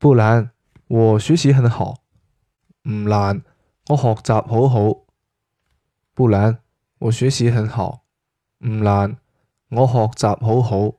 不難，我學習很好。唔難，我學習好好。不難，我學習很好。唔難，我學習好好。